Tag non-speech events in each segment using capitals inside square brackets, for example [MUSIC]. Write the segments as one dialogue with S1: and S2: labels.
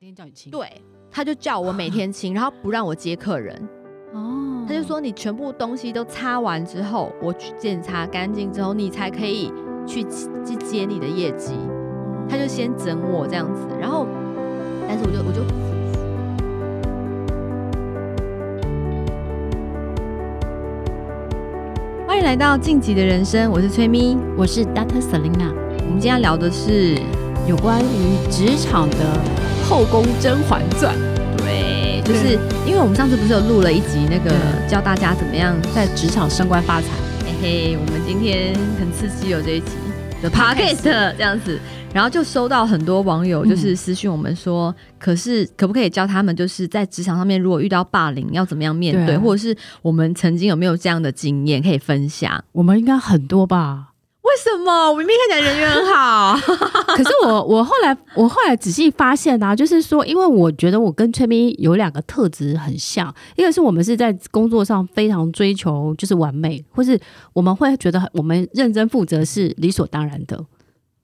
S1: 今天叫你清，對，他就叫我每天清，啊、然後不讓我接客人哦。他就說，你全部東西都擦完之後，我去檢查乾淨之後，你才可以去去接你的業績。他就先整我這樣子，然後，但是我就我就、嗯、歡迎來到晉級的人生，我是崔咪，我是 Dr. Selena，我們今天要聊的是有關於職場的。《後宮甄嬛傳》對，就是因為我們上次不是有錄了一集那個對教大家怎麼樣在職場升官發財？嘿嘿，我們今天很刺激哦，這一集的 podcast 這樣子，然後就收到很多網友就是私訊我們說，嗯、可是可不可以教他們就是在職場上面如果遇到霸凌要怎麼樣面對，對啊、或者是我們曾經有沒有這樣的經驗可以分享？我們應該
S2: 很多吧。
S1: 為什麼我明明看起來人緣很
S2: 好？ [LAUGHS] 可是我我後來我後來仔細發現呢、啊，就是說，因為我覺得我跟崔咪有兩個特質很像，一個是我們是在工作上非常追求就是完美，或是我們會覺得我們認真負責是理所當然的，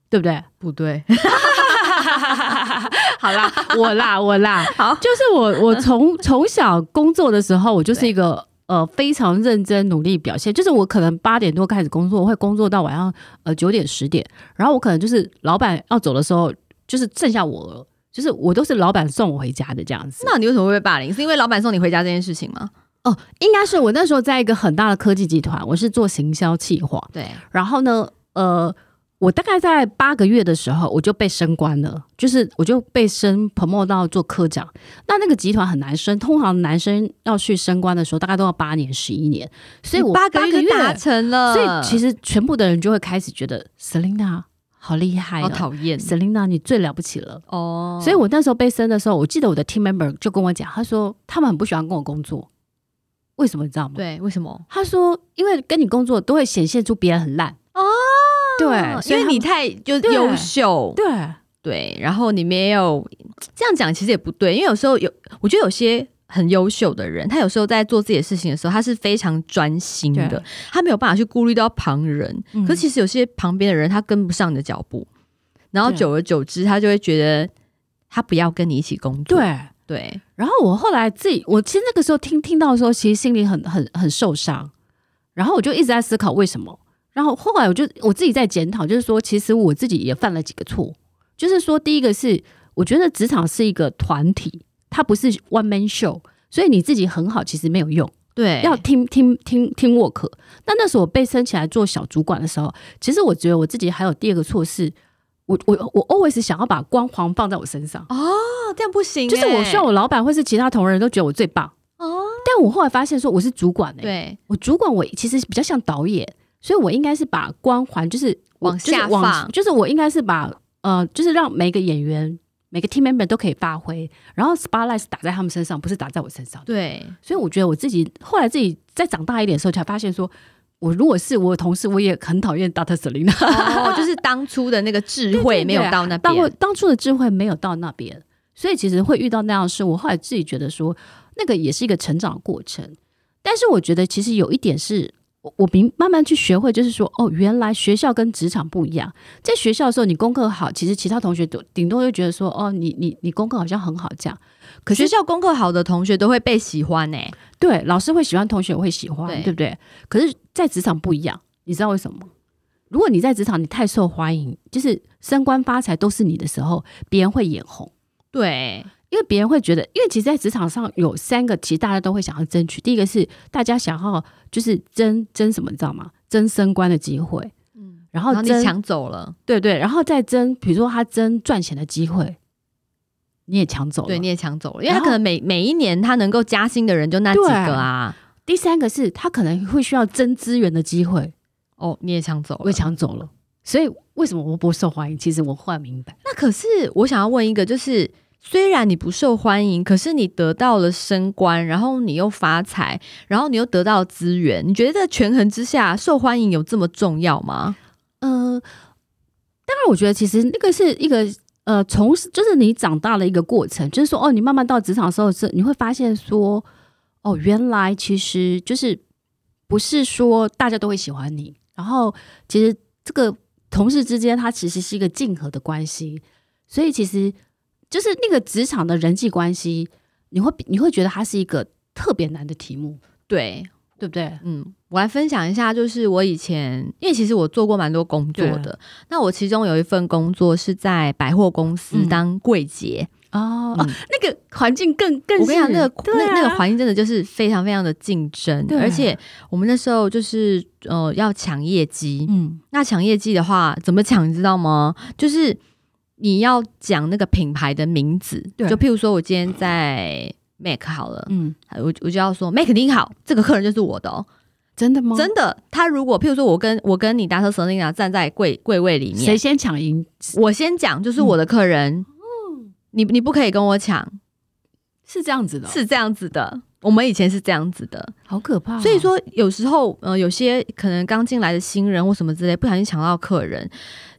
S2: 對不對？不對， [LAUGHS] [LAUGHS] 好啦，我啦我啦，好，就是我我從從 [LAUGHS] 小工作的時候，我就是一個。呃，非常認真努力表現，就是我可能八點多開始工作，會工作到晚上呃九點十點，然後我可能就是老闆要走的時候，就是剩下我，就是我都是老闆送我回家的這樣子。那你為什麼會被霸凌？是因為老闆送你回家這件事情嗎？哦、呃，應該是我那時候在一個很大的科技集團，我是做行銷企劃，對，然後呢，呃。我大概在八個月的時候，我就被升官了，就是我就被升 promote 到做科長。那那個集團很難升，通常男生要去升官的時候，大概都要八年、十一年。所以我八個月達成了。所以其實全部的人就會開始覺得 Selena 好厲害、啊，好討厭 Selena，你最了不起了哦。Oh、所以我那時候被升的時候，我記得我的 Team Member 就跟我講，他說，他們很不喜歡跟我工作，為什麼你知道嗎？對，為什麼？他說因為跟你工作都會顯現出別人很爛。對，所以你太就優對秀，對對，
S1: 然後你沒有這樣講，其實也不對，因為有時候有，我覺得有些很優秀的人，他有時候在做自己的事情的時候，他是非常專心的，對他沒有辦法去顧慮到旁人，嗯、可其實有些旁邊的人，他跟不上你的腳步，然後久而久之，他就會覺得他不要跟你一起工作，
S2: 對對，然後我後來自己，我其實那個時候聽聽到的時候，其實心裡很很很受傷，然後我就一直在思考為什麼。然後後來我就我自己在檢討，就是說，其實我自己也犯了幾個錯。就是說，第一個是，我覺得職場是一個團體，它不是 one man show，所以你自己很好其實沒有用。對，要 team team team team work。那那時候我被升起來做小主管的時候，其實我覺得我自己還有第二個錯是，我我我 always 想要把光環放在我身上。哦，這
S1: 樣不行、欸。就是我希望我
S2: 老板或是其他同仁都覺得我最棒。哦，但我後來發現說，我是主管的、欸，對我主管我其實比較像導演。所以，我應該是把光環就是，就是往下放，就是我應該是把呃，就是讓每個演員每個 team member 都可以發揮，然後 spotlight 是打在他們身上，不是打在我身上。對，所以我覺得我自己後來自己再長大一點的時候，才發現說，我如果是我同事，我也很討厭 Dr. Selena，就是當初的那個
S1: 智慧沒有到那邊 [LAUGHS] 對對對對、
S2: 啊，當初的智慧沒有到那邊，所以其實會遇到那樣的事。我後來自己覺得說，那個也是一個成長的過程，但是我覺得其實有一點是。我明，慢慢去學會，就是說，哦，原來學校跟職場不一樣。在學校的時候，你功課好，其實其他同學都頂多就覺得說，哦，你你你功課好像很好這樣。可學校功課好的同學都會被喜歡呢？欸，對，老師會喜歡，同學也會喜歡，對，對不對？可是，在職場不一樣，你知道為什麼？如果你在職場，你太受歡迎，就是升官發財都是你的時候，別人會眼紅，對。因為別人會覺得，因為其實，在職場上有三個，其實大家都會想要爭取。第一個是大家想要就是爭爭什麼，你知道嗎？爭升官的機會，嗯，然後你搶走了，對對，然後再爭，比如說他爭賺錢的
S1: 機會，對你也搶走了，對，你也搶走了，因為他可能每後每一年他能夠加薪的
S2: 人就那幾個啊。對第三個是他可能會需要爭資源的機會，哦，你也搶走了，我也搶走了。所以為什麼我不受歡迎？其實我忽然明白。那可是
S1: 我想要問一個，就是。雖然你不受歡迎，可是你得到了升官，然後你又發財，然後你又得到資源。你覺得在權衡之下，受歡迎有這麼
S2: 重要嗎？嗯、呃，當然，我覺得其實那個是一個呃，從就是你長大的一個過程。就是說，哦，你慢慢到職場的時候，是你會發現說，哦，原來其實就是不是說大家都會喜歡你，然後其實這個同事之間，它其實是一個競合的關係。所以其實。就是那個職場的人際關係，你會你會覺得它是一個特別難的題目，對對不對？嗯，我來
S1: 分享一下，就是我以前，因為其實我做過蠻多工作的，啊、那我其中有一份工作是在百貨公司當櫃姐
S2: 哦，那個環境更更，我跟你
S1: 講，那個、啊、那那個環境真的就是非常非常的競爭，對啊，而且我們那時候就是呃要搶業績，嗯，那搶業績的話怎麼搶，你知道嗎？就是。你要講那個品牌的名字，對就譬如說，我今天在 Mac 好了，嗯，我我就要說 Mac 您好，這個客人就是我的哦。喔，真的嗎？真的，他如果譬如說我跟我跟你 Dr. Selena 站在櫃櫃位裡面，誰先搶贏？我先講，就是我的客人，嗯，你你不可以跟我搶，是這樣子的，是這樣子的，我們以前是這樣子的，好可怕喔。所以說，有時候呃，有些可能剛進來的新人或什麼之類，不小心搶到客人，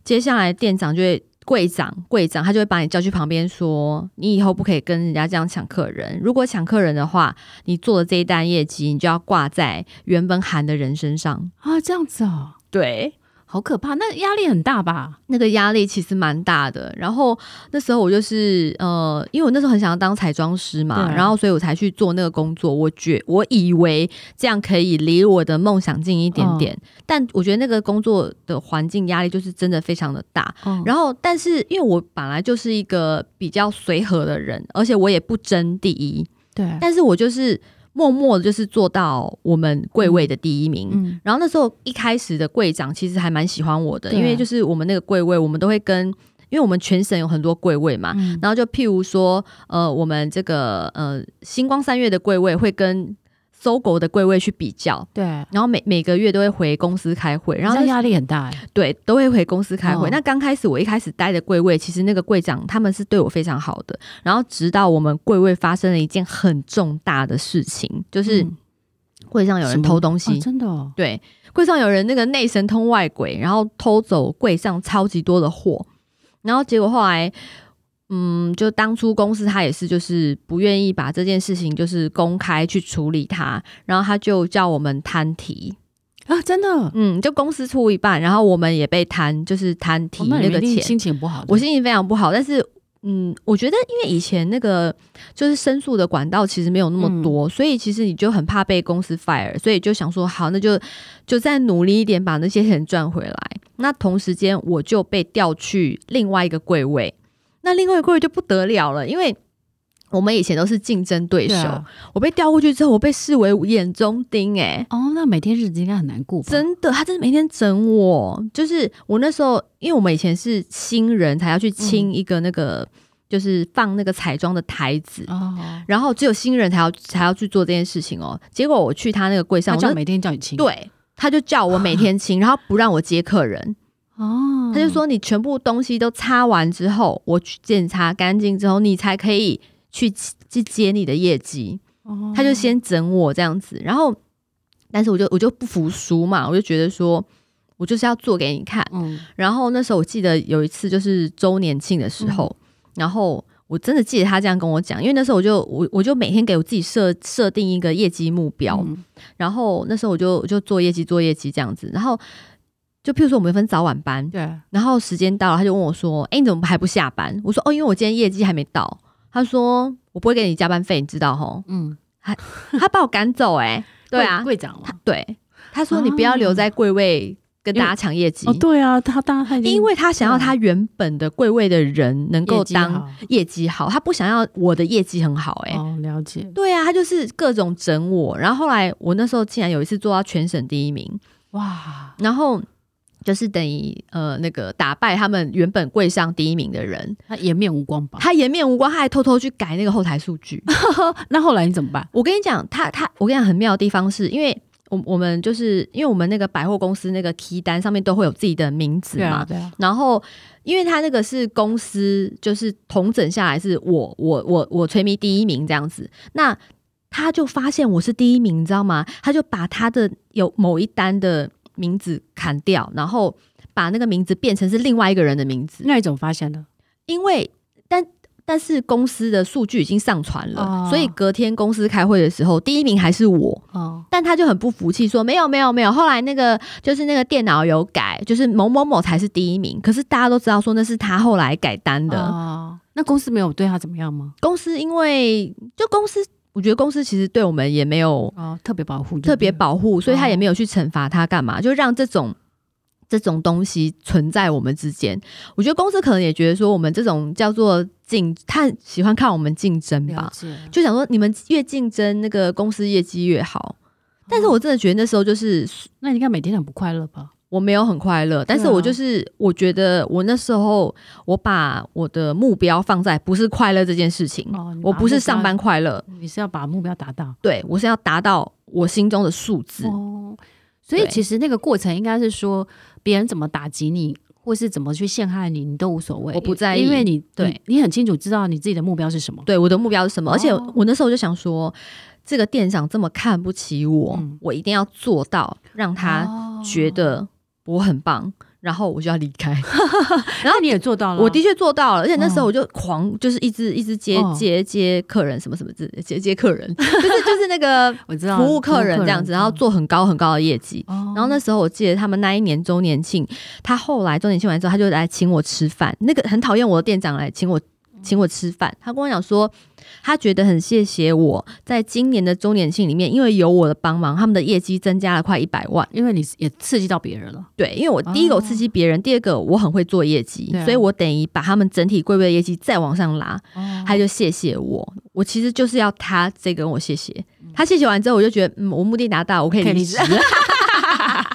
S1: 接下來店長就會。櫃長，櫃長，他就會把你叫去旁邊說：“你以後不可以跟人家這樣搶客人。如果搶客人的話，你做的這一單業績，你就要掛在原本喊的人身上。”
S2: 啊、哦，這樣子哦。對。好可怕！那壓力很大吧？
S1: 那個壓力其實蠻大的。然後那時候我就是呃，因為我那時候很想要當彩妝師嘛，對然後所以我才去做那個工作。我覺得我以為這樣可以離我的夢想近一點點，嗯、但我覺得那個工作的環境壓力就是真的非常的大。嗯、然後，但是因為我本來就是一個比較隨和的人，而且我也不爭第一，對，但是我就是，默默的，就是做到我們櫃位的第一名。嗯、然後那時候一開始的櫃長其實還蠻喜歡我的，對耶 因為就是我們那個櫃位，我們都會跟，因為我們全省有很多櫃位嘛。嗯、然後就譬如說，呃，我們這個呃新光三越的櫃位會跟。SOGO 的櫃位去比較，對，然後每每個月都會回公司開會，然後壓力很大，對，都會回公司開會。哦、那剛開始我一開始待的櫃位，其實那個櫃長他們是對我非常好的，然後直到我們櫃位發生了一件很重大的事情，就是、嗯、櫃上有人偷東西，哦、真的、哦，對，櫃上有人那個內神通外鬼，然後偷走櫃上超級多的貨，然後結果後來。嗯，就當初公司他也是，就是不願意把這件事情就是公開去處理他，然後他就叫我們攤提啊，真的，嗯，就公司出一半，然後我們也被攤，就是攤提那個錢，哦、心情不好，我心情非常不好。但是，嗯，我覺得因為以前那個就是申訴的管道其實沒有那麼多，嗯，所以其實你就很怕被公司 fire，所以就想說，好，那就就再努力一點把那些錢賺回來。那同時間，我就被調去另外一個櫃位。那另外一個櫃就不得了了，因為我們以前都是競爭對手。對啊、我被調過去之後，我被視為眼中釘哎、欸。哦，oh, 那每天日子應該很難過。真的，他真的每天整我，就是我那時候，因為我們以前是新人才要去清一個那個，嗯、就是放那個彩妝的台子，oh. 然後只有新人才要才要去做這件事情哦、喔。結果我去他那個櫃上，他叫每天叫你清，對，他就叫我每天清， [LAUGHS] 然後不讓我接客人。
S2: 哦，他就
S1: 說你全部東西都擦完之後，我去檢查乾淨之後，你才可以去去接你的業績。哦，他就先整我這樣子，然後，但是我就我就不服輸嘛，我就覺得說我就是要做給你看。嗯，然後那時候我記得有一次就是周年慶的時候，嗯，然後我真的記得他這樣跟我講，因為那時候我就我我就每天給我自己設設定一個業績目標，嗯，然後那時候我就我就做業績做業績這樣子，然後。就譬如說，我們分早晚班，對，然後時間到了，他就問我說：“哎、欸，你怎麼還不下班？”我說：“哦，因為我今天業績還沒到。”他說：“我不會給你加班費，你知道吼？”嗯，還他，他把我趕走、欸，哎，對啊，櫃長他對，他說：“你不要留在櫃位跟大家搶業績。啊”哦，對啊，他當然很，因為他想要他原本的櫃位的人能夠當業績好，好他不想要我的業績很好、欸，哎，哦，了解，對啊，他就是各種整我。然後後來我那時候竟然有一次做到全省第一名，哇，然後。就是等於呃，那個打敗他們原本櫃上第一名的人，他顏面無光吧？他顏面無光，他還偷偷去改那個後台數據。 [LAUGHS] 那後來你怎麼辦？我跟你講，他他，我跟你講很妙的地方是，是因為我我們就是因為我們那個百貨公司那個提單上面都會有自己的名字嘛，對啊對啊，然後因為他那個是公司，就是統整下來是我我我我崔咪第一名這樣子。那他就發現我是第一名，你知道嗎？他就把他的有某一單的。名字砍掉，然後把那個名字變成是另外一個人的名字。那你怎麼發現呢？因為，但但是公司的數據已經上傳了，哦、所以隔天公司開會的時候，第一名還是我。哦、但他就很不服氣說，說沒有沒有沒有。後來那個就是那個電腦有改，就是某某某才是第一名。可是大家都知道說那是他後來改單的。哦、那公司沒有對他怎麼樣嗎？公司因為就公司。我覺得公司其實對我們也沒有啊特別保護，哦，特別保護，所以他也沒有去懲罰他幹嘛，哦、就讓這種這種東西存在我們之間。我覺得公司可能也覺得說我們這種叫做競，他喜歡看我們競爭吧，了解，就想說你們越競爭，那個公司業績越好。哦、但是我真的覺得那時候就是，那你應該每天很不快樂吧？我沒有很快樂，但是我就是我覺得我那時候我把我的目標放在不是快樂這件事情，哦、我不是上班快
S2: 樂，你是要把目標達到，對，我是要達到我心中的數字。哦、所以其實那個過程應該是說對、別人怎麼打擊你，或是怎麼去陷害你，你都無所謂，我不在意，因為你對你，你很清楚知道你自己的目標是什麼。對，我的目標是什麼？哦、而且我那時候就想說，這個店
S1: 長這麼看不起我，嗯、我一定要做到讓他覺得。我很棒，然後我就要離開， [LAUGHS] 然後你也做到了、啊，我的確做到了，而且那時候我就狂，就是一直一直接、oh. 接接客人，什麼什麼字，接接客人，就是就是那個
S2: 我知道服務客人這樣子，
S1: 然後做很高很高的業績，oh. 然後那時候我記得他們那一年周年慶，他後來周年慶完之後，他就來請我吃飯，那個很討厭我的店長來請我請我吃飯，他跟我講說。他覺得很謝謝我在今年的周年慶裡面，因為有我的幫忙，他們的業績增加了快一百萬。因為你也刺激到別人了，對，因為我第一個我刺激別人，哦、第二個我很會做業績，啊、所以我等於把他們整體櫃位的業績再往上拉，哦、他就謝謝我。我其實就是要他這個跟我謝謝，他謝
S2: 謝完之後，我就覺得嗯，我目的達到，我可以離職。 [LAUGHS] [LAUGHS]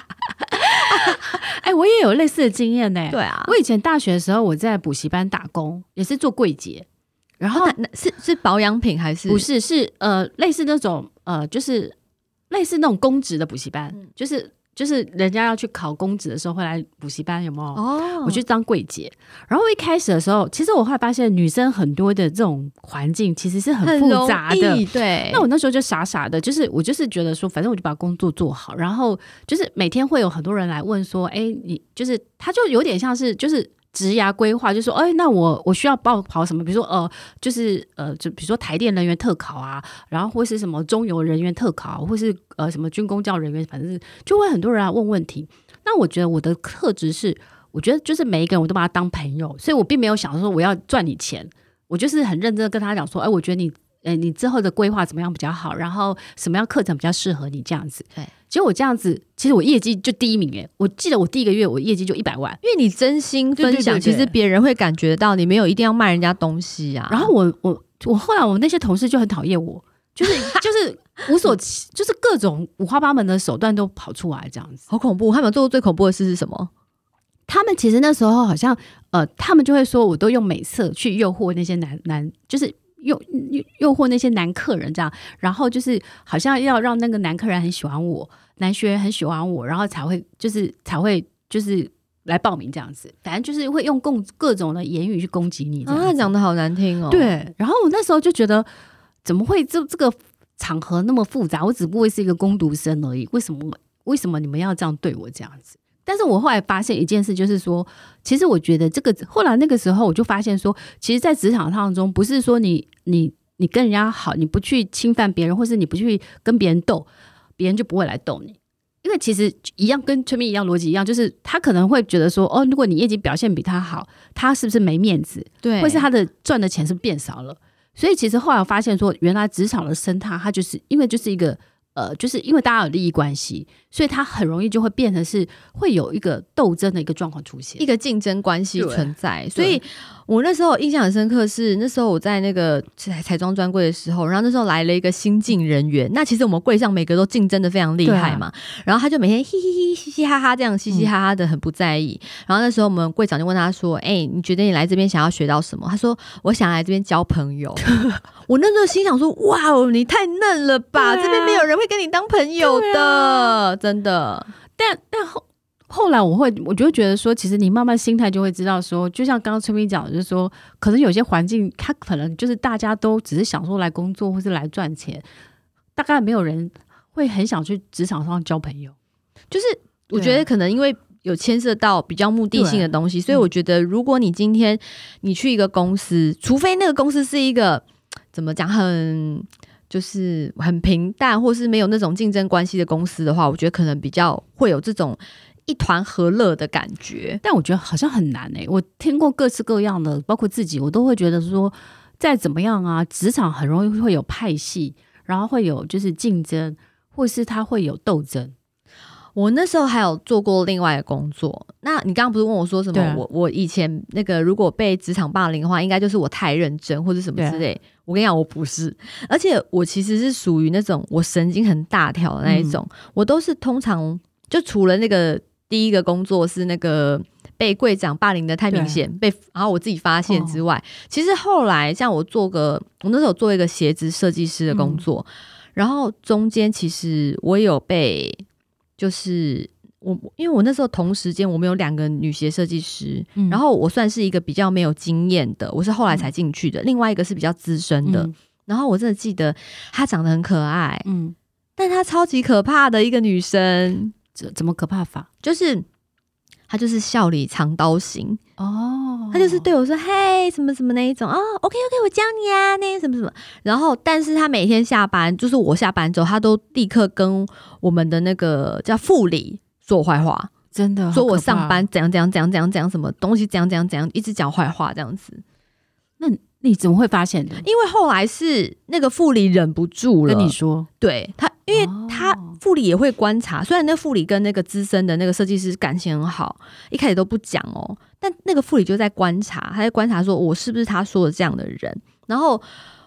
S2: 哎，我也有類似的經驗呢、欸。對啊，我以前大學的時候，我在補習班打工，也是做櫃姐。然後、哦、那是是保養品還是不是，是呃類似那種呃就是類似那種公職的補習班，嗯、就是就是人家要去考公職的時候會來補習班，有沒有？哦，我去當櫃姐。然後一開始的時候，其實我會發現女生很多的這種環境其實是很複雜的。對，那我那時候就傻傻的，就是我就是覺得說，反正我就把工作做好，然後就是每天會有很多人來問說，哎、欸，你就是，他就有點像是就是。職涯規劃就說，哎、欸，那我我需要報考什麼？比如說，呃，就是呃，就比如說台電人員特考啊，然後或是什麼中油人員特考，啊，或是呃什麼軍公教人員，反正是就會很多人來問問題。那我覺得我的特質是，我覺得就是每一個人我都把他當朋友，所以我並沒有想說我要賺你錢，我就是很認真跟他講說，哎、欸，我覺得你，哎、欸，你之後的規劃怎麼樣比較好，然後什麼樣課程比較適合你這樣子。對。其實我這樣子，其實我業績就第一名誒，我記得我第一個月我業績就一百萬，因
S1: 為你真心分享，對對對，其實別人會感覺到你沒有一定要賣人家
S2: 東西啊。然後我我我後來我那些同事就很討厭我，就是就是 [LAUGHS] 無所， [LAUGHS] 就是各種五花八門的手段都跑出來這樣子，好恐怖！他們做過最恐怖的事是什麼？他們其實那時候好像呃，他們就會說我都用美色去誘惑那些男男，就是。誘誘誘惑那些男客人這樣，然後就是好像要讓那個男客人很喜歡我，男學員很喜歡我，然後才會就是才會就是來報名這樣子。反正就是會用共各種的言語去攻擊你這樣啊，他講得好難聽哦。對，然後我那時候就覺得，怎麼會這這個場合那麼複雜？我只不過是一個工讀生而已，為什麼為什麼你們要這樣對我這樣子？但是我後來發現一件事，就是說，其實我覺得這個後來那個時候，我就發現說，其實，在職場當中，不是說你你你跟人家好，你不去侵犯別人，或是你不去跟別人鬥，別人就不會來鬥你。因為其實一樣，跟村民一樣，邏輯一樣，就是他可能會覺得說，哦，如果你業績表現比他好，他是不是沒面子？對，或是他的賺的錢是變少了？所以，其實後來我發現說，原來職場的生態，它就是因為就是一個。呃，就是因為大家有利益關係，所以他很容易就會變成是會有一個鬥爭的一個狀況出現，一個競爭關係存在。啊、所以，我那時候印象很深刻
S1: 是，是那時候我在那個彩彩妝專櫃的時候，然後那時候來了一個新進人員。那其實我們櫃上每個都競爭得非常厲害嘛，啊、然後他就每天嘻嘻嘻嘻嘻哈哈這樣嘻嘻哈哈的、嗯、很不在意。然後那時候我們櫃長就問他說：“哎、欸，你覺得你來這邊想要學到什麼？”他說：“我想來這邊交朋友。” [LAUGHS] [LAUGHS] 我那時候心想說：“哇哦，你太嫩了吧，啊、這邊沒有人
S2: 跟你當朋友的。啊、真的。但但後後來，我會我就覺得說，其實你慢慢心態就會知道說，就像剛剛村民講的，就是說，可能有些環境，他可能就是大家都只是想說來工作或是來賺錢，大概沒有人會很想去職場上交朋友。就是我覺得可能因為有
S1: 牽涉到比較目的性的東西，對所以我覺得如果你今天你去一個公司，對除非那個公司是一個怎麼講很。就是很平淡，或是沒有那種競爭關係的公司的話，我覺得可能比較會有這種一團和樂
S2: 的感覺。但我覺得好像很難呢、欸。我聽過各式各樣的，包括自己，我都會覺得說，再怎麼樣啊，職場很容易會有派系，然後會有就是競爭，或是他會有鬥爭。我那時候還有做過另外的工
S1: 作。那你剛剛不是問我說什麼？對我我以前那個如果被職場霸凌的話，應該就是我太認真或者什麼之類。對我跟你講，我不是，而且我其實是屬於那種我神經很大條的那一種。嗯、我都是通常就除了那個第一個工作是那個被櫃長霸凌的太明顯，對被然後我自己發現之外，哦、其實後來像我做個我那時候做一個鞋子設計師的工作，嗯、然後中間其實我也有被。就是我，因為我那時候同時間我們有兩個女鞋設計師，嗯、然後我算是一個比較沒有經驗的，我是後來才進去的。嗯、另外一個是比較資深的，嗯、然後我真的記得她長得很可愛，嗯，但她超級可怕的一個女生，怎怎麼可怕法？就是她就是笑裡藏刀型哦。他就是對我說：“嘿，什麼什麼那一種啊，哦，OK，OK，OK，OK，我教你啊，那什麼什麼。然後，但是他每天下班，就是我下班之後，他都立刻跟我們的那個叫副理說壞話，真的，說我上班怎樣怎樣怎樣怎樣怎樣，什麼，啊，東西怎樣怎樣怎樣，一直講壞話這樣子。那……你怎麼會發現的？因為後來是那個副理忍不住了。跟你說，對他，因為他副理也會觀察。雖然那副理跟那個資深的那個設計師感情很好，一開始都不講哦、喔。但那個副理就在觀察，他在觀察，說我是不是他說的這樣的人？然後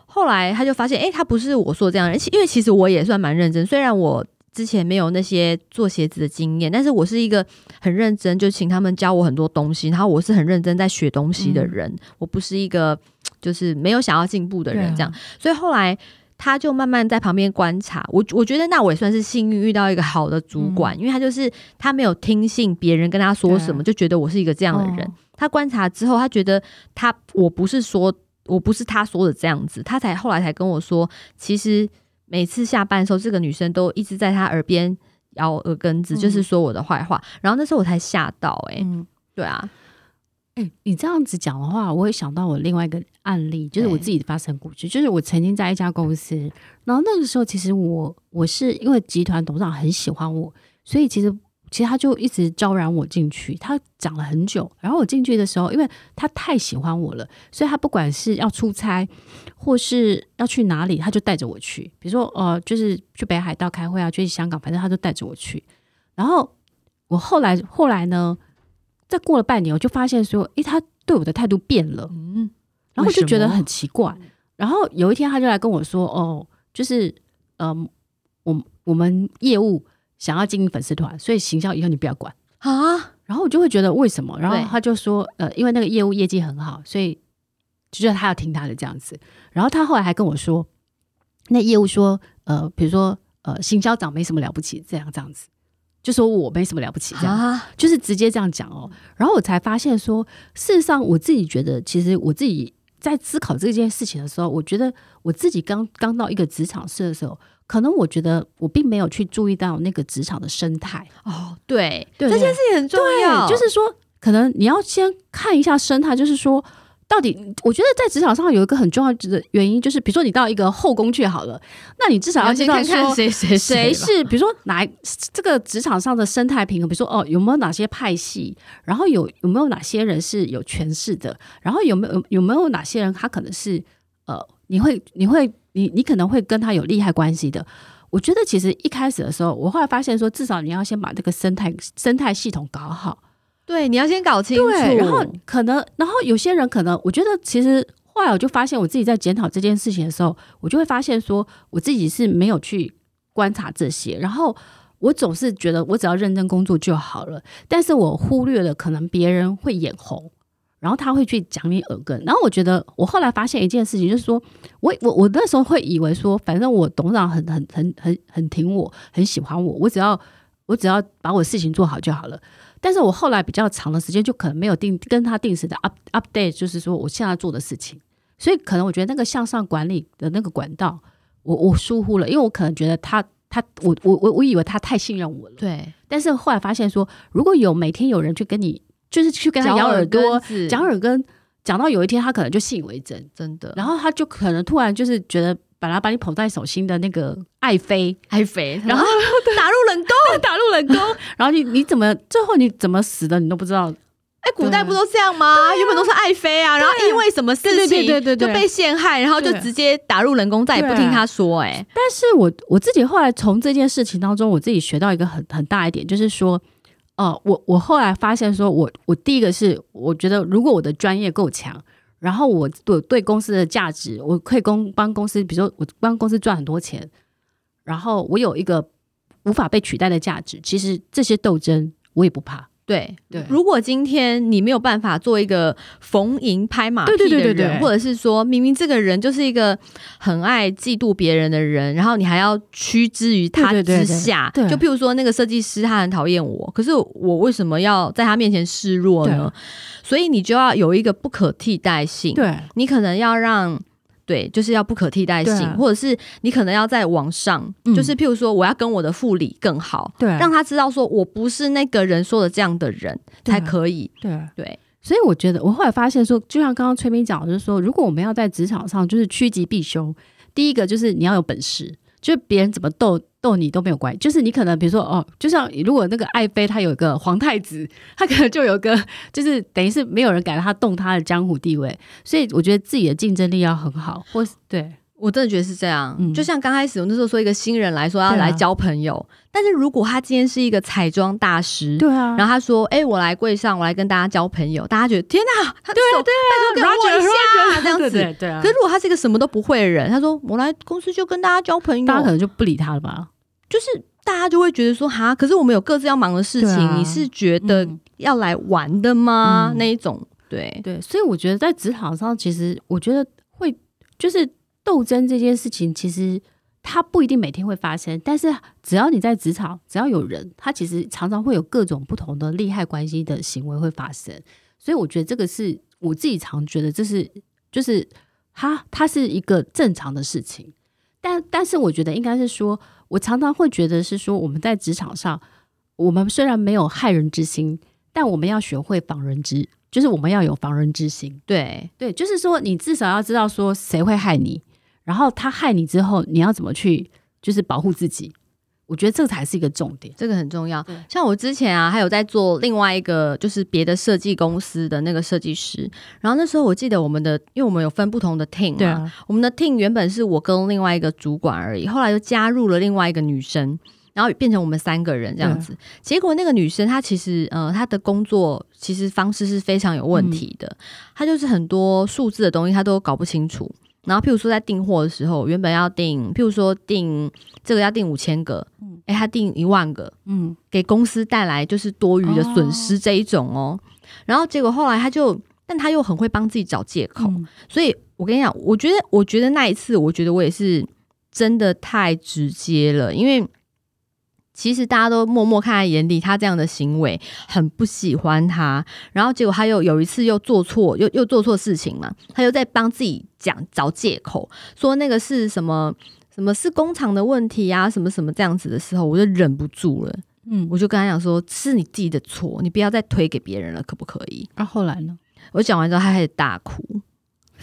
S1: 後來他就發現，哎、欸，他不是我說的這樣的人。因為其實我也算蠻認真，雖然我之前沒有那些做鞋子的經驗，但是我是一個很認真，就請他們教我很多東西。然後我是很認真在學東西的人，嗯、我不是一個。就是沒有想要進步的人，這樣，對所以後來他就慢慢在旁邊觀察我。我覺得那我也算是幸運，遇到一個好的主管，嗯、因為他就是他沒有聽信別人跟他說什麼，對就覺得我是一個這樣的人。哦、他觀察之後，他覺得他我不是說我不是他說的這樣子，他才後來才跟我說，其實每次下班的時候，這個女生都一直在他耳邊咬耳根子，嗯、就是說我的壞話。然後那時候我才嚇
S2: 到、欸，誒、嗯，對啊。哎、嗯，你這樣子講的話，我會想到我另外一個案例，就是我自己發生故事，對就是我曾經在一家公司，然後那個時候其實我我是因為集團董事長很喜歡我，所以其實其實他就一直招攬我進去，他講了很久，然後我進去的時候，因為他太喜歡我了，所以他不管是要出差或是要去哪裡，他就帶着我去，比如說哦、呃，就是去北海道開會啊，去香港，反正他就帶着我去，然後我後來後來呢？再過了半年，我就發現說，誒、欸，他對我的態度變了，嗯，
S1: 然後我就覺得很
S2: 奇怪。然後有一天，他就來跟我說，哦，就是，嗯、呃，我我們業務想要經營粉絲團，所以行銷以後你不要管啊。然後我就會覺得為什麼？然後他就說，對呃，因為那個業務業績很好，所以就覺得他要聽他的這樣子。然後他後來還跟我說，那業務說，呃，比如說，呃，行銷長沒什麼了不起，這樣這樣，這樣子。就說我沒什麼了不起，這樣，啊、就是直接這樣講哦。然後我才發現說，事實上我自己覺得，其實我自己在思考這件事情的時候，我覺得我自己剛剛到一個職場社的時候，可能我覺得我並沒有去注意到那個職場的生態。哦，對，這件事情很重要，就是說，可能你要先看一下生態，就是說。到底，我覺得在職場上有一個很重要的原因，就是比如說你到一個後宮去好了，那你至少要，要先看看誰誰誰，誰是，比如說哪這個職場上的生態平衡，比如說哦有沒有哪些派系，然後有有沒有哪些人是有權勢的，然後有沒有有沒有哪些人他可能是呃，你會你會你你可能會跟他有利害關係的。我覺得其實一開始的時候，我後來發現說，至少你要先把這個生態生態系統搞好。對，你要先搞清楚。對，然後可能，然後有些人可能，我覺得其實後來我就發現，我自己在檢討這件事情的時候，我就會發現說，我自己是沒有去觀察這些，然後我總是覺得我只要認真工作就好了，但是我忽略了可能別人會眼紅，然後他會去講你耳根，然後我覺得我後來發現一件事情，就是說我我我那時候會以為說，反正我董事長很很很很很挺我，很喜歡我，我只要我只要把我事情做好就好了。但是我後來比較長的時間就可能沒有定跟他定時的 up update，就是說我現在做的事情，所以可能我覺得那個向上管理的那個管道，我我疏忽了，因為我可能覺得他他我我我我以為他太信任我了，對。但是後來發現說，如果有每天有人去跟你，就是去跟他咬耳朵、講耳根，講到有一天他可能就信以為真，真的，然後他就可能突然就是覺得。本來把，把你捧在手心的那個愛妃，愛妃，然後打入冷宮， [LAUGHS] [LAUGHS] 打入冷宮， [LAUGHS] 然後你你怎麼最後你怎麼死的你都不知道？哎、欸，古代不都
S1: 這樣嗎？啊、原本都是愛
S2: 妃啊，對然後因為什麼事情，對，對對對對，就被陷害，然後就直
S1: 接打入冷宮，啊、再也不聽他說、欸。哎、
S2: 啊，但是我我自己後來從這件事情當中，我自己學到一個很很大一點，就是說，哦、呃，我我後來發現說，說我我第一個是我覺得，如果我的專業夠強。然後我我對公司的價值，我可以幫公司，比如說我幫公司賺很多錢，然後我有一個無法被取代的價值，其實這些鬥爭我也不怕。對
S1: 對，如果今天你沒有辦法做一個逢迎拍馬屁的人，對對對對對，或者是說明明這個人就是一個很愛嫉妒別人的人，然後你還要屈之於他之下，就譬如說那個設計師他很討厭我，可是我為什麼要在他面前示弱呢？對所以你就要有一個不可替代性，對你可能要讓。對，就是要不可替代性，啊、或者是你可能要再往上，嗯、就是譬如說，我要跟我的副理更好，對、啊，讓他知道說我不是那個人說的這樣的人
S2: 才、啊、可以，對、啊、對，所以我覺得我後來發現說，就像剛剛崔咪講，就是說，如果我們要在職場上就是趨吉避凶，第一個就是你要有本事，就是別人怎麼鬥。你都沒有關係，就是你可能比如說哦，就像如果那個愛妃她有一個皇太子，他可能就有個，就是等於是沒有人敢他動他的江湖地位，所以我覺得自己的競爭力要很好，或是對我真的覺得是這樣。嗯、就像剛開始我那時候說，一個新人來說要來交
S1: 朋友，啊、但是如果他今天是一個彩妝大師，對啊，然後他說哎、欸，我來櫃上，我來跟大家交朋友，大家覺得天哪，他手對手、
S2: 啊啊、給我一下 Roger, Roger, 這樣子，對啊。可是
S1: 如果他是一個什麼都不會的人，他說我來公司就跟大家交朋友，大家可能就不理他了吧。就是大家就會覺得說哈，可是我們有各自要忙的事情，啊、你是覺得要
S2: 來玩的嗎？嗯、那一種，對對，所以我覺得在職場上，其實我覺得會就是鬥爭這件事情，其實它不一定每天會發生，但是只要你在職場，只要有人，它其實常常會有各種不同的利害關係的行為會發生。所以我覺得這個是我自己常覺得這是，就是就是它它是一個正常的事情。但但是我覺得應該是說，我常常會覺得是說，我們在職場上，我們雖然沒有害人之心，但我們要學會防人之，就是我們要有防人之心。對對，就是說，你至少要知道說誰會害你，然後他害你之後，你要怎麼去，就是保護自己。我覺得這才是一個重點，
S1: 這個很重要。嗯、像我之前啊，還有在做另外一個就是別的設計公司的那個設計師，然後那時候我記得我們的，因為我們有分不同的 team 嘛，對啊，我們的 team 原本是我跟另外一個主管而已，後來就加入了另外一個女生，然後變成我們三個人這樣子。嗯、結果那個女生她其實呃，她的工作其實方式是非常有問題的，嗯、她就是很多數字的東西她都搞不清楚。然後，譬如說在訂貨的時候，原本要訂，譬如說訂這個要訂五千個，誒、欸、他訂一萬個，嗯，給公司帶來就是多餘的損失這一種哦。哦然後結果後來他就，但他又很會幫自己找借口，嗯、所以我跟你講，我覺得，我覺得那一次，我覺得我也是真的太直接了，因為。其實大家都默默看在眼裡，他這樣的行為很不喜歡他，然後結果他又有一次又做錯，又又做錯事情嘛，他又在幫自己講找借口，說那個是什麼什麼，是工廠的問題啊，什麼什麼這樣子的時候，我就忍不住了，嗯，我就跟他講說，是你自己的錯，你不要再推給別人了，可不可以？那、啊、後來呢？我講完之後，他開始大哭，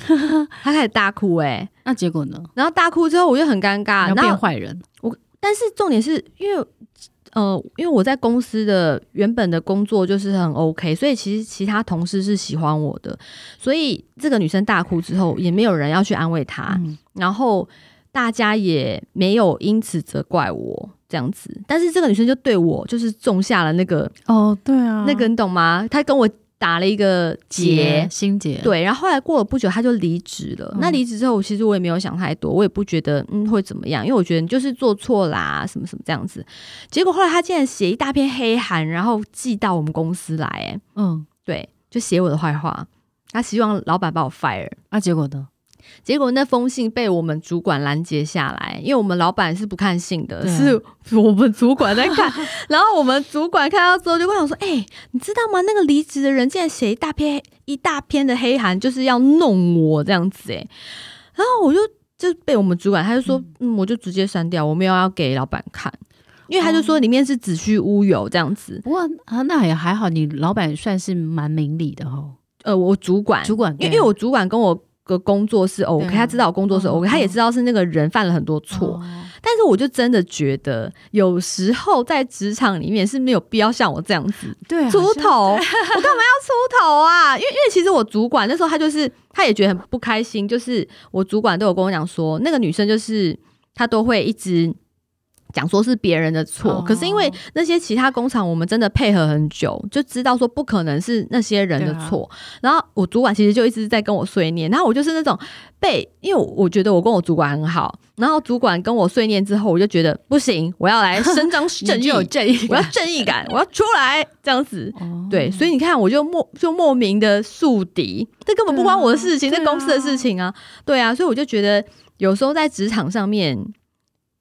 S1: 呵呵他開始大哭、欸，哎，那結果呢？然後大哭之後，我就很尷尬，你要變壞人，我。但是重點是因為，呃，因為我在公司的原本的工作就是很 OK，所以其實其他同事是喜歡我的，所以這個女生大哭之後也沒有人要去安慰她，嗯、然後大家也沒有因此責怪我這樣子，但是這個女生就對我就是種下了那個哦，對啊，那個你懂嗎？她跟我。打了一個結，心結，結。對，然後後來過了不久，他就離職了。嗯、那離職之後，我其實我也沒有想太多，我也不覺得嗯會怎麼樣，因為我覺得你就是做錯啦、啊，什麼什麼這樣子。結果後來他竟然寫一大篇黑函，然後寄到我們公司來，嗯，對，就寫我的壞話，他希望老闆把我 fire。那、啊、結果呢？結果那封信被我們主管攔截下來，因為我們老闆是不看信的，啊、是我們主管在看。 [LAUGHS] 然後我們主管看到之後就問我說：“哎、 [LAUGHS] 欸，你知道嗎？那個離職的人竟然寫一大篇一大篇的黑函，就是要弄我這樣子哎、欸。”然後我就就被我們主管他就說、嗯嗯：“我就直接刪掉，我沒有要給老闆看，因為他就說裡面是子虛烏有這樣子。”不過啊，那也還好，你老闆算是
S2: 蠻明理的哦。
S1: 呃，我主管主管、啊因，因為我主管跟我。個工作是 OK，、嗯、他知道我工作是 OK，、哦、他也知道是那個人犯了很多錯，哦、但是我就真的覺得有時候在職場裡面是沒有必要像我這樣子，對、啊，出頭，在我幹嘛要出頭啊？ [LAUGHS] 因為因為其實我主管那時候他就是，他也覺得很不開心，就是我主管都有跟我講說，那個女生就是她都會一直。講說是別人的錯，oh. 可是因為那些其他工廠，我們真的配合很久，就知道說不可能是那些人的錯。啊、然後我主管其實就一直在跟我碎念，然後我就是那種被，因為我覺得我跟我主管很好。然後主管跟我碎念之後，我就覺得不行，我要來伸張正義，我要 [LAUGHS] 正義，我要正義感， [LAUGHS] 我要出來這樣子。Oh. 對，所以你看，我就莫就莫名的樹敵，這根本不關我的事情，這、啊、公司的事情啊。對啊，所以我就覺得有時候在職場上面。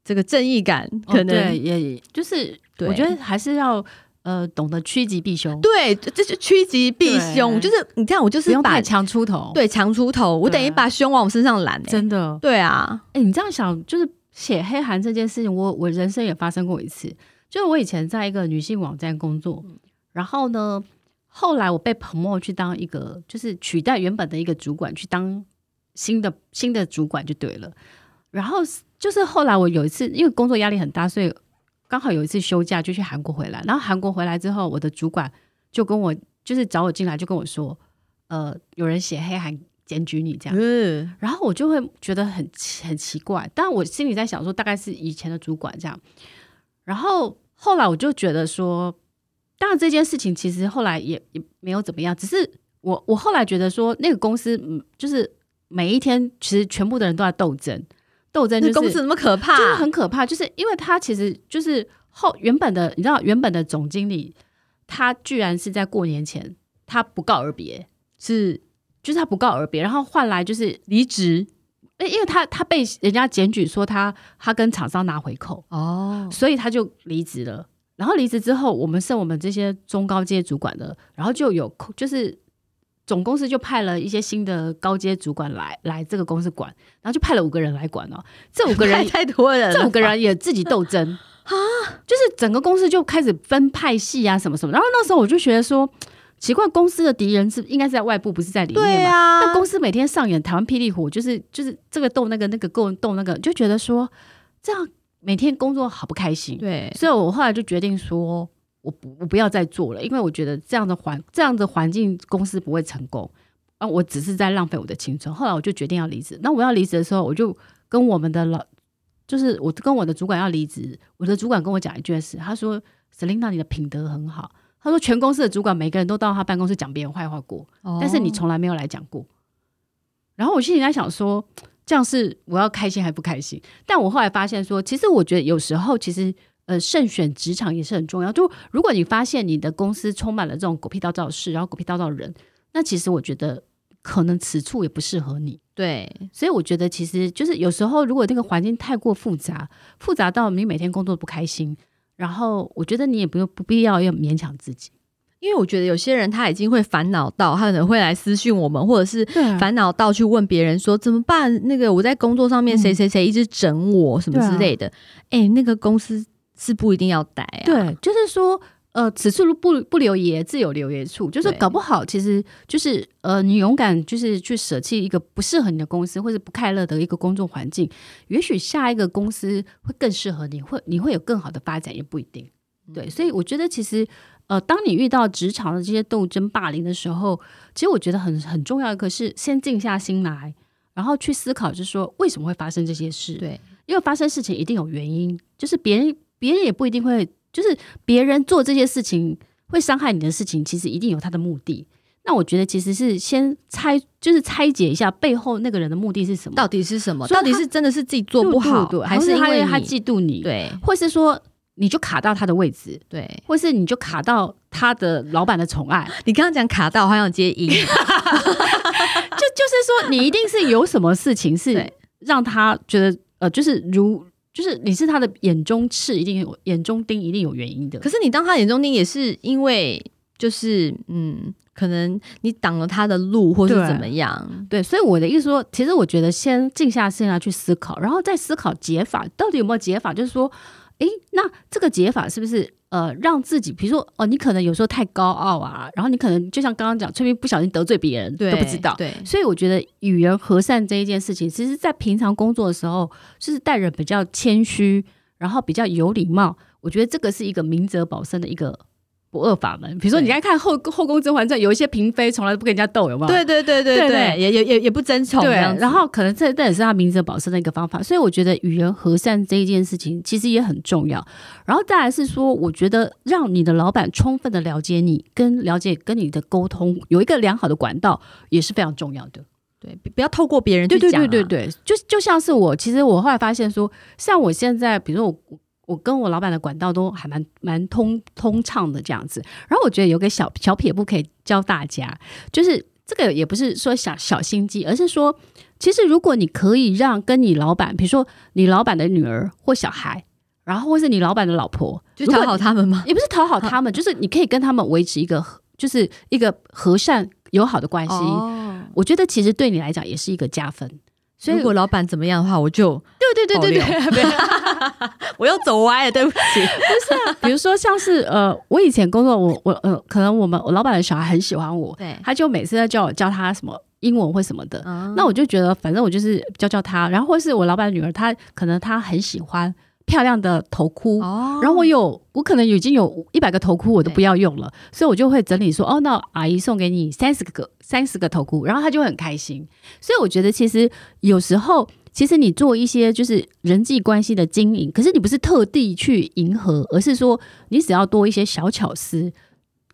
S1: 這個正義感、哦，對可能也
S2: 就是，對我覺得還是要呃懂得趨吉避凶。
S1: 對，這、就是趨吉避凶，對就是你這樣，我就是把強出頭。對，強出頭，對我等於把凶往我
S2: 身上攬、欸。真的，對啊。哎、欸，你這樣想，就是寫黑函這件事情，我我人生也發生過一次。就是我以前在一個女性網站工作，然後呢，後來我被 promote 去當一個，就是取代原本的一個主管去當新的新的主管就對了。然後就是後來我有一次，因為工作壓力很大，所以剛好有一次休假就去韓國回來。然後韓國回來之後，我的主管就跟我就是找我進來，就跟我說：“呃，有人寫黑函檢舉你這樣。”嗯，然後我就會覺得很很奇怪，但我心裡在想說大概是以前的主管這樣。然後後來我就覺得說，當然這件事情其實後來也也沒有怎麼樣，只是我我後來覺得說那個公司就是每一天其實全部的人都在鬥爭。鬥爭，你公司怎麼可怕？就是很可怕，就是因為他其實就是後原本的，你知道原本的總經理，他居然是在過年前他不告而別，是就是他不告而別，然後換來就是離職，因為他他被人家檢舉說他他跟廠商拿回扣哦，所以他就離職了，然後離職之後我們剩我們這些中高階主管的，然後就有就是。總公司就派了一些新的高階主管來來這個公司管，然後就派了五個人來管哦、喔。這五個人太，太多人了，這五個人也自己鬥爭啊， [LAUGHS] 就是整個公司就開始分派系啊，什麼什麼。然後那時候我就覺得說，奇怪，公司的敵人是應該是在外部，不是在裡面嘛？啊、那公司每天上演台灣霹靂火，就是就是這個鬥那個那個夠鬥那個，就覺得說這樣每天工作好不開心。對，所以我後來就決定說。我我不要再做了，因為我覺得這樣的環，這樣的環境，公司不會成功啊！我只是在浪費我的青春。後來我就決定要離職。那我要離職的時候，我就跟我們的老，就是我跟我的主管要離職。我的主管跟我講一件事，他說：“Selena，你的品德很好。”他說：“全公司的主管每個人都到他辦公室講別人壞話過，哦、但是你從來沒有來講過。”然後我心裡在想說：“這樣是我要開心還不開心？”但我後來發現說，其實我覺得有時候其實。呃，慎選職場也是很重要。就如果你發現你的公司充滿了這種狗屁倒灶事，然後狗屁倒灶人，那其實我覺得可能此處也不適合你。對，所以我覺得其實就是有時候，如果那個環境太過複雜，複雜到你每天工作不開心，然後我覺得你也不用不必要要勉強自己，因為我覺得有些人
S1: 他已經會煩惱到，他可能會來私訊我們，或者是煩惱到去問別人說對怎麼辦？那個我在工作上面誰誰誰，誰一直整我、嗯、什麼之類的，哎、啊欸，那個公司。是不一定要待啊。對，
S2: 就是說，呃，此處不不留爺，自有留爺處。就是搞不好，其實就是呃，你勇敢，就是去捨棄一個不適合你的公司，或者不快樂的一個工作環境。也許下一個公司會更適合你，會你會有更好的發展，也不一定。對，所以我覺得，其實呃，當你遇到職場的這些鬥爭、霸凌的時候，其實我覺得很很重要的是先靜下心來，然後去思考，就是說為什麼會發生這些事？對，因為發生事情一定有原因，就是別人。別人也不一定會，就是別人做這些事情會傷害你的事情，其實一定有他的目的。那我覺得其實是先拆，就是拆解一下背後那個人的目的是什麼，到底是什麼？到底是
S1: 真的是自己做不好，祿祿。對，還是因為他嫉
S2: 妒你？對，或是說你就卡到他的位置？對，或是你就卡到他的老闆的寵愛？你剛剛講卡到好像接應， [LAUGHS] [LAUGHS] [LAUGHS] 就就是說你一定是有什麼事情是讓他覺得呃，就是如。就是你是他的眼中刺，一定有眼中釘，一定有原因的。可是你當他眼中釘，也是因為就是嗯，可能你擋了他的路，或是怎麼樣？對，對，所以我的意思說，其實我覺得先靜下心來去思考，然後再思考解法，到底有沒有解法？就是說，哎，那這個解法是不是？呃，讓自己比如說哦，你可能有時候太高傲啊，然後你可能就像剛剛講，崔咪不小心得罪別人對都不知道。對，所以我覺得與人和善這一件事情，其實在平常工作的時候，就是待人比較謙虛，然後比較有禮貌。我覺得這個是一個明哲保身的一個。不二法門，比如說你來看,看後後宮《甄嬛傳》，有一些嬪妃從來都不跟人家鬥，有沒有？對對對對對，對對對也也也也不爭寵。對，然後可能這這也是他明哲保身的一個方法。所以我覺得與人和善這一件事情其實也很重要。然後再來是說，我覺得讓你的老板充分的了解你，跟了解跟你的溝通有一個良好的管道也是非常重要的。對，不要透過別人去講啊。對對對對對，就就像是我，其實我後來發現說，像我現在，比如說我。我跟我老板的管道都還蠻蠻通通暢的這樣子，然後我覺得有個小小撇步可以教大家，就是這個也不是說小小心機，而是說其實如果你可以讓跟你老板，比如說你老板的女兒或小孩，然後或是你老板的老婆，就討好他們嗎？也不是討好他們，啊、就是你可以跟他們維持一個就是一個和善友好的關係，哦、我覺得其實對你來講也是一個加分。所以如果老板怎麼樣的話，我就。啊、對對對對料， [LAUGHS] [LAUGHS] 我又走歪了，對不起。就是、啊、比如說，像是呃，我以前工作，我我呃，可能我們老闆的小孩很喜歡我，對，他就每次要叫我教他什麼英文或什麼的，哦、那我就覺得反正我就是教教他。然後或是我老闆的女兒，她可能她很喜歡漂亮的頭箍，哦、然後我有我可能已經有一百個頭箍我都不要用了，對所以我就會整理說，哦，那阿姨送給你三十個三十個頭箍，然後她就會很開心。所以我覺得其實有時候。其實你做一些就是人際關係的經營，可是你不是特地去迎合，而是說你只要多一些小巧思，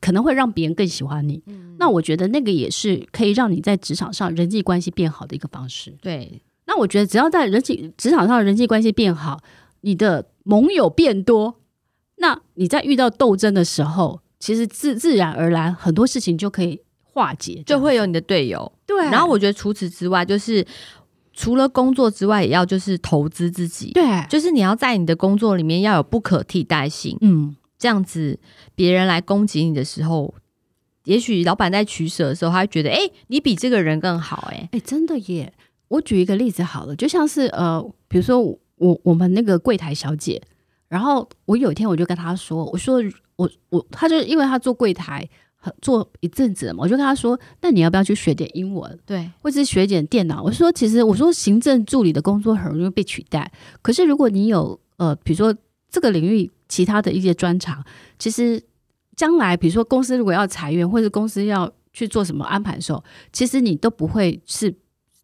S2: 可能會讓別人更喜歡你。嗯。那我覺得那個也是可以讓你在職場上人際關係變好的一個方式。對，那我覺得只要在人際職場上人際關係變好，你的盟友變多，那你在遇到鬥爭的時候，其實自自然而然很多事情就可以化解，就會有你的隊友。對啊，然後我覺得除此之外就是。
S1: 除了工作之外，也要就是投資自己。對，就是你要在你的工作裡面要有不可替代性。嗯，這樣子別人來攻擊你的時候，也許老闆在取捨的時候，他會覺得，哎，欸，你比這
S2: 個人更好欸。哎，誒，真的耶！我舉一個例子好了，就像是呃，比如說我我，我們那個櫃檯小姐，然後我有一天我就跟她說，我說我我她就是因為她做櫃檯。做一陣子嘛，我就跟他說：“那你要不要去學點英文？對，或者是學點電腦？”我說：“其實，我說行政助理的工作很容易被取代，可是如果你有呃，比如說這個領域其他的一些專長，其實將來比如說公司如果要裁員，或者公司要去做什麼安排的時候，其實你都不會是，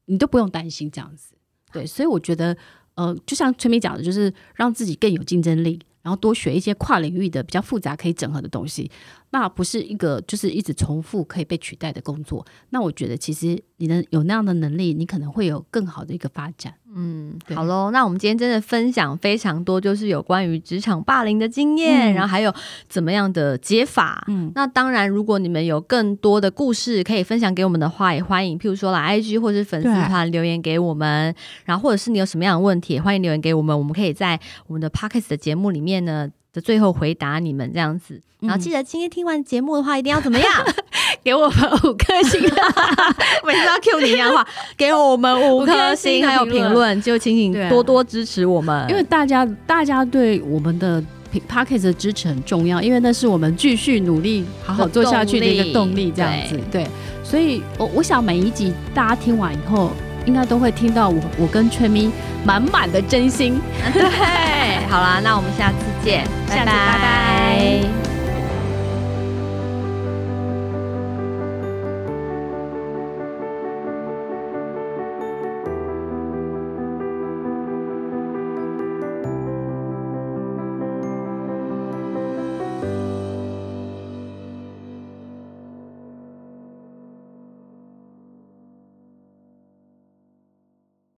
S2: 你都不用擔心這樣子。對，所以我覺得，呃，就像崔咪講的，就是讓自己更有競爭力，然後多學一些跨領域的比較複雜可以整合的東西。”那不是一個就是一直重複可以被取代的工作，那我覺得其實你能有那樣的能力，你可能會有更好的
S1: 一個發展。嗯，對好嘍，那我們今天真的分享非常多，就是有關於職場霸凌的經驗，嗯、然後還有怎麼樣的解法。嗯，那當然，如果你們有更多的故事可以分享給我們的話，也歡迎，譬如說來 IG 或者是粉絲團對留言給我們，然後或者是你有什麼樣的問題，也歡迎留言給我們，我們可以在我們的 Podcast 的節目裡面呢。最後回答你們這樣子，然後記得今天聽完節目的話，一定要怎麼樣？嗯、 [LAUGHS]
S2: 給我們五顆星， [LAUGHS] 每次要 Q 你一樣的話，
S1: 給我們五顆星，還有評論，評論就請你多多支持我們，啊、因為
S2: 大家大家對我們的 podcast 的支持很重要，因為那是我們繼續努力好好做下去的一個動力，這樣子對,對。所以，我我想每一集大家聽完以後。應該都會聽到我我跟崔咪滿滿的真心，對，好啦，那我們下次
S1: 見，下次拜拜，下次拜拜。